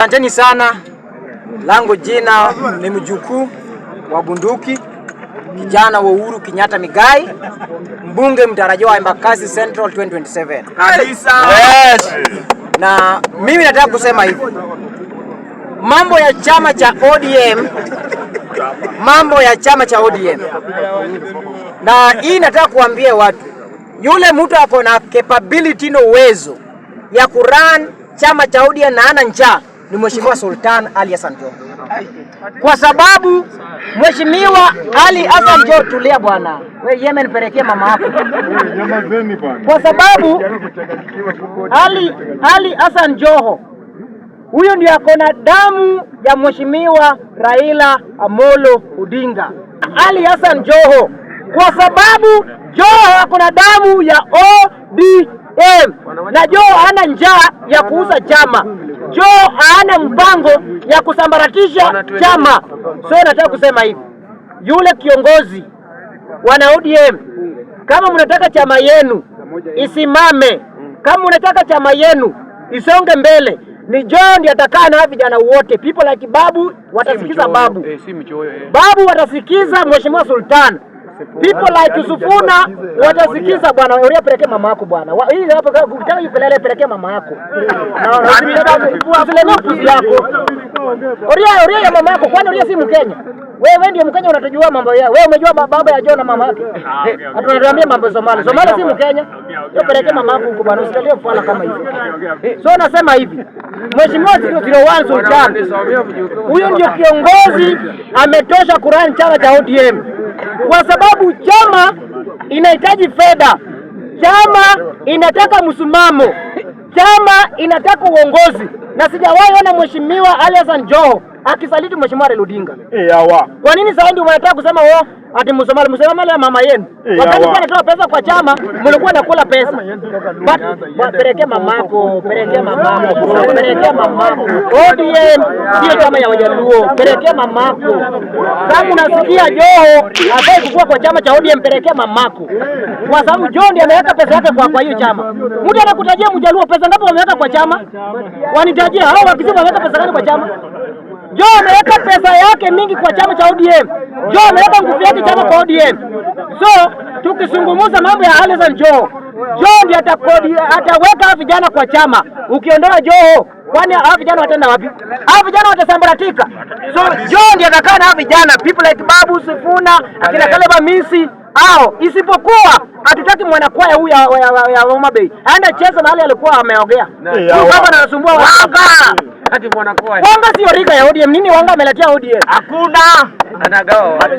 Asanteni sana. Langu jina ni mjukuu wa bunduki kijana wa Uhuru Kenyatta Migai, mbunge mtarajiwa wa Embakasi Central 2027. Kabisa. Yes. Na mimi nataka kusema hivi, mambo ya chama cha ODM, mambo ya chama cha ODM, na hii nataka kuambia watu, yule mtu hapo na capability na uwezo ya kuran chama cha ODM na ana njaa ni Mheshimiwa Sultan Ali Hassan Joho, kwa sababu Mheshimiwa Ali Hassan Joho, tulia bwana, we Yemen, pelekee mama yako, kwa sababu Ali Ali Hassan Joho huyo ndio ako na damu ya Mheshimiwa Raila Amolo Odinga. Ali Hassan Joho kwa sababu Joho ako na damu ya ODM na Joho hana njaa ya kuuza chama. Joho hana mpango ya kusambaratisha chama. So nataka kusema hivi, yule kiongozi wana ODM, kama mnataka chama yenu isimame, kama mnataka chama yenu isonge mbele ni Joho ndiye atakaa na vijana wote. People like Babu watasikiza Babu, eh, eh. Babu watasikiza Mheshimiwa Sultan. People like Yusufuna watasikiza bwana, uria peleke mama yako bwana. Hii hapo ukitaka yupelele peleke mama yako. Na usilele pusi yako. Uria uria ya mama yako kwani uria si Mkenya? Wewe wewe ndio Mkenya unatojua mambo yao. Wewe umejua baba ya John na mama yake. Hatunaambia mambo ya Somalia. Somalia si Mkenya. Yo peleke mama yako huko bwana, usilele mfala kama hiyo. So nasema hivi. Mheshimiwa Tito 1 Sultan. Huyo ndio kiongozi ametosha Kurani chama cha ODM kwa sababu chama inahitaji fedha, chama inataka msimamo, chama inataka uongozi, na sijawahi ona mheshimiwa Ali Hassan Joho akisaliti mheshimiwa Raila Odinga. Eh, kwa nini sasa ndio unataka kusema wao oh, Ati Musomali. Musomali ya mama yenu. Eh, Wakati kwa natoa pesa kwa chama, mlikuwa nakula pesa. But pelekea mamako, pelekea eh, mamako, pelekea mamako. ODM sio chama ya Wajaluo, pelekea mamako. Kama unasikia Joho hafai kukua kwa chama cha ODM, pelekea mamako. Kwa sababu Joho ndiye ameweka pesa yake kwa kwa hiyo chama. Mtu anakutajia Mjaluo pesa ngapi wameweka kwa chama? Wanitajia hao wakisema wameweka pesa gani kwa chama? Joho ameweka pesa yake mingi kwa chama cha ODM. Joho ameweka nguvu yake chama kwa ODM. So tukizungumza mambo ya Alison Joho, Joho ndiye ataweka vijana kwa chama. Ukiondoa Joho, kwani hao vijana wataenda wapi? Hao vijana watasambaratika. So Joho ndiye atakaa na vijana, people like Babu Sifuna, akina Kaleba Misi ao isipokuwa hatutaki mwanakwaya huyu ya Homa Bay aende cheza mahali alikuwa ameogea baba, anasumbua wanga. Ati mwanakwaya wanga sio riga ya ODM nini? Wanga ameletea ODM hakuna anagawa